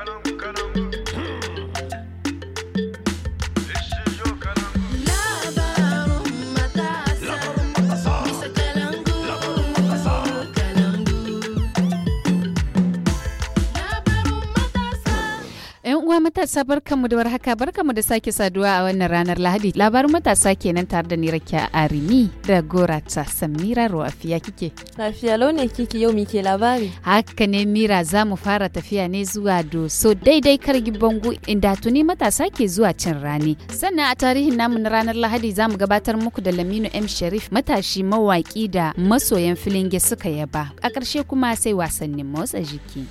Caramba, caramba. matasa barkanmu da warhaka barkanmu da sake saduwa a wannan ranar Lahadi. Labarin matasa kenan tare da ni Rakiya Arimi da Gorata Samira Ruwafiya kike. Lafiya launi kike yau mike labari. Haka ne Mira za mu fara tafiya ne zuwa Doso daidai kargi bango inda tuni matasa ke zuwa cin rani. Sannan a tarihin namu na ranar Lahadi za mu gabatar muku da Laminu M Sharif matashi mawaki da masoyan filinge suka yaba. A ƙarshe kuma sai wasannin motsa jiki.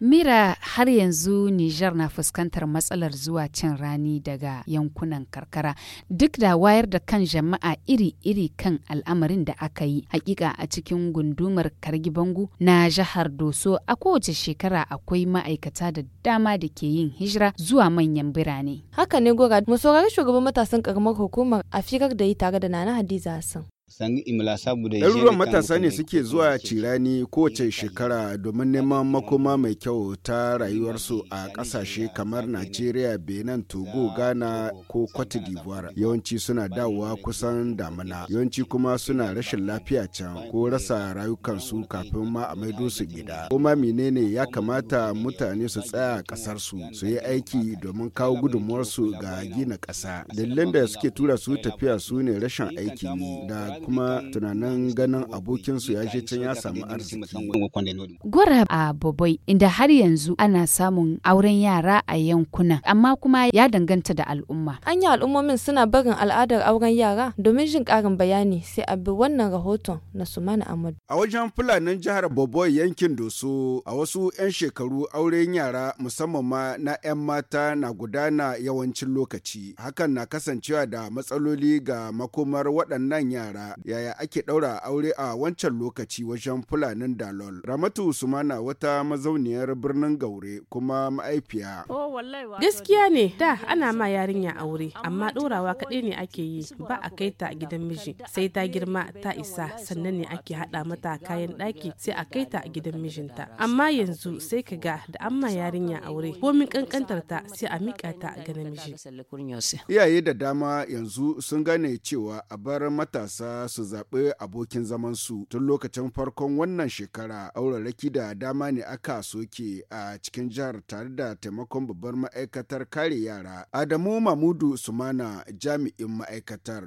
Mira har yanzu Nijar na fuskantar matsalar zuwa cin rani daga yankunan karkara duk da wayar da kan jama'a iri-iri kan al'amarin da aka yi hakika a cikin gundumar Kargibangu na jihar Doso a kowace shekara akwai ma'aikata da dama da ke yin hijira zuwa manyan birane. Haka ne gora mu saurari shugaban matasan karamar hukumar a firar da yi tare da Nana Hadiza Hassan. ɗaruruwan matasa ne suke zuwa cirani kowace shekara domin neman makoma mai kyau ta rayuwarsu a ƙasashe kamar najeriya benin togo ghana ko cote d'ivoire yawanci suna dawowa kusan damina yawanci kuma suna rashin lafiya can ko rasa rayukansu kafin ma a maido su gida kuma menene ya kamata mutane su tsaya a ƙasarsu su yi aiki domin kawo gudunmuwarsu ga gina ƙasa dalilan da suke tura su tafiya su ne rashin aiki da kuma tunanin ganin abokinsu ya je can ya samu arziki. Gwara a Boboi inda har yanzu ana samun auren yara a yankuna amma kuma ya danganta da al'umma. An yi al'ummomin suna barin al'adar auren yara domin jin karin bayani sai a bi wannan rahoton na Sumana Ahmad. A wajen Fulanin jihar Boboi yankin Doso a wasu 'yan shekaru auren yara musamman ma na 'yan mata na gudana yawancin lokaci. Hakan na kasancewa da matsaloli ga makomar waɗannan yara yaya ake ɗaura aure a wancan lokaci wajen fulanin dalol ramatu sumana wata mazauniyar birnin gaure kuma ma'aifiya oh, gaskiya ne da ana ma yarinya aure amma ɗorawa kaɗai ne ake yi ba a kai ta gidan miji sai ta girma ta isa sannan ne ake haɗa mata kayan ɗaki sai a kai ta gidan mijinta amma yanzu sai ka ga da an ma yarinya aure komin kankantar ta sai a miƙa ta ga namiji iyaye da dama yanzu sun gane cewa a bar matasa su zaɓi abokin zaman su tun lokacin farkon wannan shekara auraraki da dama ne aka soke a cikin jihar tare da taimakon babbar ma'aikatar kare yara adamu mamudu sumana jami'in ma'aikatar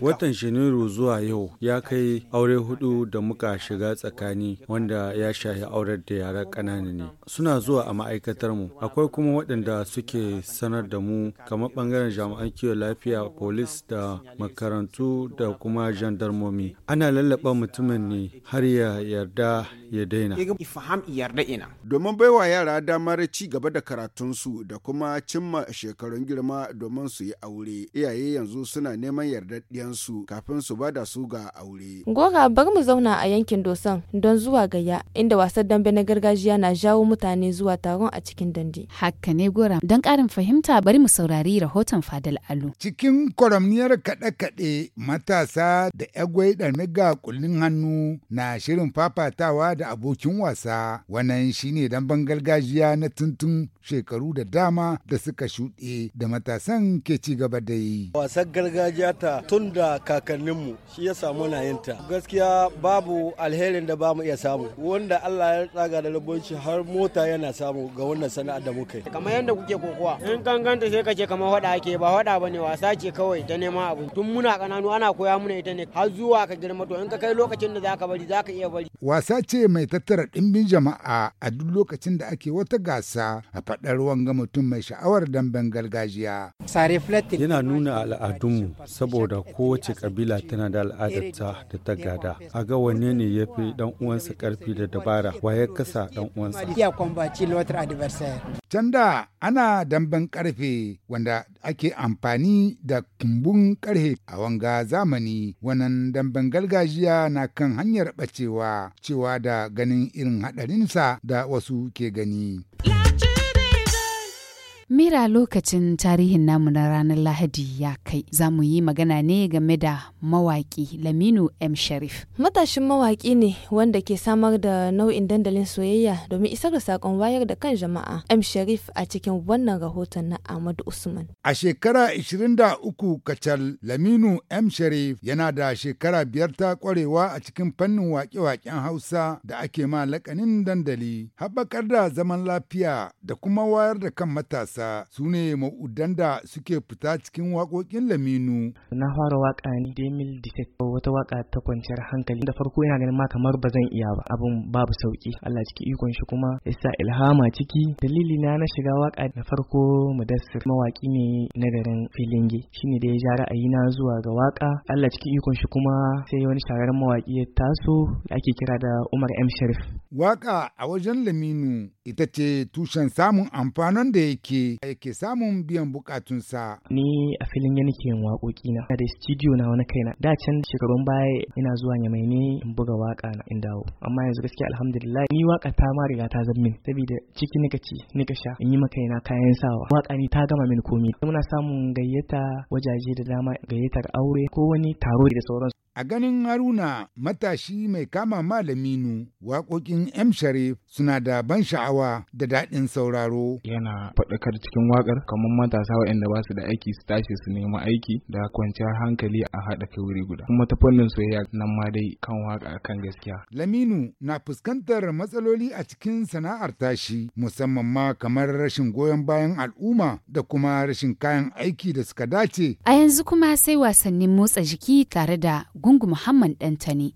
watan janairu zuwa yau ya kai aure hudu da muka shiga tsakani wanda ya shahi aurar da yara ƙanana ne suna zuwa a ma'aikatar mu akwai kuma waɗanda suke sanar da mu kamar bangaren jami'an kiwon lafiya polis da makarantu da kuma kuma jandarmomi ana lallaba mutumin ne har ya yarda ya daina domin baiwa yara damar ci gaba da karatun su da kuma cimma shekarun girma domin su yi aure iyaye yanzu suna neman yardaddiyansu kafin su bada su ga aure goga bari mu zauna a yankin dosan don zuwa gaya inda wasan dambe na gargajiya na jawo mutane zuwa taron a cikin dande. haka ne gora don karin fahimta bari mu saurari rahoton fadal alu cikin kwaramniyar kaɗe-kaɗe matasa Yaya da Egwai Ɗaniga kullin hannu na shirin fafatawa da abokin wasa, wannan shine damben gargajiya na tuntun shekaru da dama da suka shuɗe da matasan ke ci gaba da yi. Wasan gargajiya ta tun da kakanninmu shi ya samu na yinta. Gaskiya babu alherin da ba mu iya samu wanda Allah ya tsaga da rabonci har mota yana samu ga wannan sana'ar da muka yi. Kamar yadda kuke kokowa in ganganta sai kace kamar hoda ake ba hoda ne wasa ce kawai ta neman abu. Tun muna kananu ana koya mana ita ne har zuwa ka girma to in ka kai lokacin da zaka bari zaka iya bari. Wasa ce mai tattara ɗimbin jama'a a duk lokacin da ake wata gasa a faɗar wanga mutum mai sha'awar damben gargajiya. Yana nuna al'adunmu saboda kowace kabila tana da al'adarta da ta gada. A ga wanne ne ya fi ɗan uwansa ƙarfi da dabara wa ya kasa ɗan uwansa. Can da ana damben ƙarfe wanda ake amfani da kumbun ƙarfe a wanga zamani wannan damben gargajiya na kan hanyar ɓacewa cewa da ganin irin haɗarinsa da wasu ke gani. Mira lokacin tarihin namu na ranar Lahadi ya kai za mu yi magana ne game da mawaƙi Laminu M. Sharif. Matashin mawaƙi ne wanda ke samar da nau'in dandalin soyayya domin isar da saƙon wayar da kan jama'a M. Sharif a cikin wannan rahoton na Ahmadu Usman. A shekara 23 kacal Laminu M. Sharif yana da shekara biyar ta ƙwarewa a cikin fannin waƙe-waƙen Hausa da ake ma lakanin dandali, haɓakar da zaman lafiya da kuma wayar da kan matasa matasa su ne ma'udan da suke fita cikin waƙoƙin Laminu. Na fara waƙa ne Demil Disek wata waƙa ta kwanciyar hankali da farko yana ganin ma kamar ba zan iya ba abin babu sauki Allah ciki ikon shi kuma sa ilhama ciki dalili na na shiga waƙa na farko Mudassir mawaƙi ne na garin Filinge shine da ya ja ra'ayi na zuwa ga waƙa Allah ciki ikon shi kuma sai wani shahararren mawaƙi ya taso da ake kira da Umar M Sharif. Waƙa a wajen Laminu ita ce tushen samun amfanin da yake ya eh, ke samun biyan bukatunsa. Ni a filin ya yin waƙoƙi na. Da studio na wani kaina. Da can shekarun baya ina zuwa Yamai ne in buga waƙa na in dawo. Amma yanzu gaskiya alhamdulillah ni waƙa ta ma riga ta zan min Sabida ciki nika ci nika sha in yi maka yana kayan sawa. Waƙa ni ta gama min komi. Muna samun gayyata wajaje da dama gayyatar aure ko wani taro da sauransu. A ganin Haruna matashi mai kama malaminu waƙoƙin M Sharif suna da ban sha'awa da daɗin sauraro. Yana faɗakar cikin waƙar kamar matasa waɗanda ba su da aiki su tashi su nemi aiki da kwanciyar hankali a haɗa kai wuri guda. Kuma ta fannin soyayya nan ma dai kan waƙa kan gaskiya. Laminu na fuskantar matsaloli a cikin sana'ar tashi musamman ma kamar rashin goyon bayan al'umma da kuma rashin kayan aiki da suka dace. A yanzu kuma sai wasannin motsa jiki tare da Gungu Muhammad ne.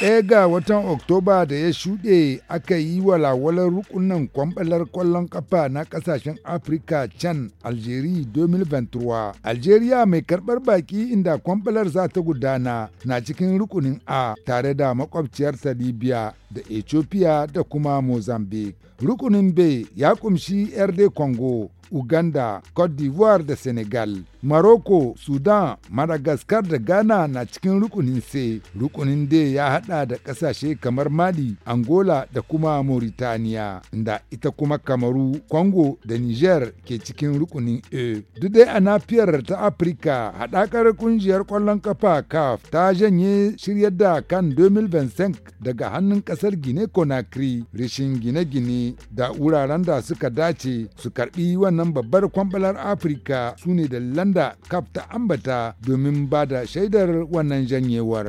ɗaya ga watan oktoba da ya shuɗe aka yi walawalar rukunan kwamɓalar kwallon ƙafa na ƙasashen afirka can algeria 2023 algeria mai karɓar baki inda kwamɓalar za ta gudana na cikin rukunin a tare da makwabciyar libya da ethiopia da kuma mozambique rukunin b ya kumshi rd congo Uganda, Cote d'Ivoire da Senegal. Morocco, Sudan, Madagascar da Ghana na cikin rukunin C. Rukunin D ya hada da kasashe kamar Mali, Angola da kuma Mauritania, da ita kuma Kamaru, Congo da Niger ke cikin rukunin E. Duk dai a nafiyar ta Afirka, haɗakar kungiyar ƙwallon kafa CAF ta janye shiryar da kan 2025 daga hannun ƙasar guinea Conakry, rishin gine-gine da wuraren da suka dace su karɓi wannan sunan babbar kwambalar afirka su ne da landa kaf ta ambata domin ba da shaidar wannan janyewar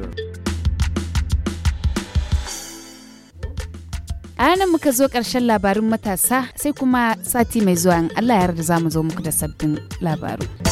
a nan muka zo ƙarshen labarin matasa sai kuma sati mai zuwa in allah yarda za mu zo muku da sabbin labaru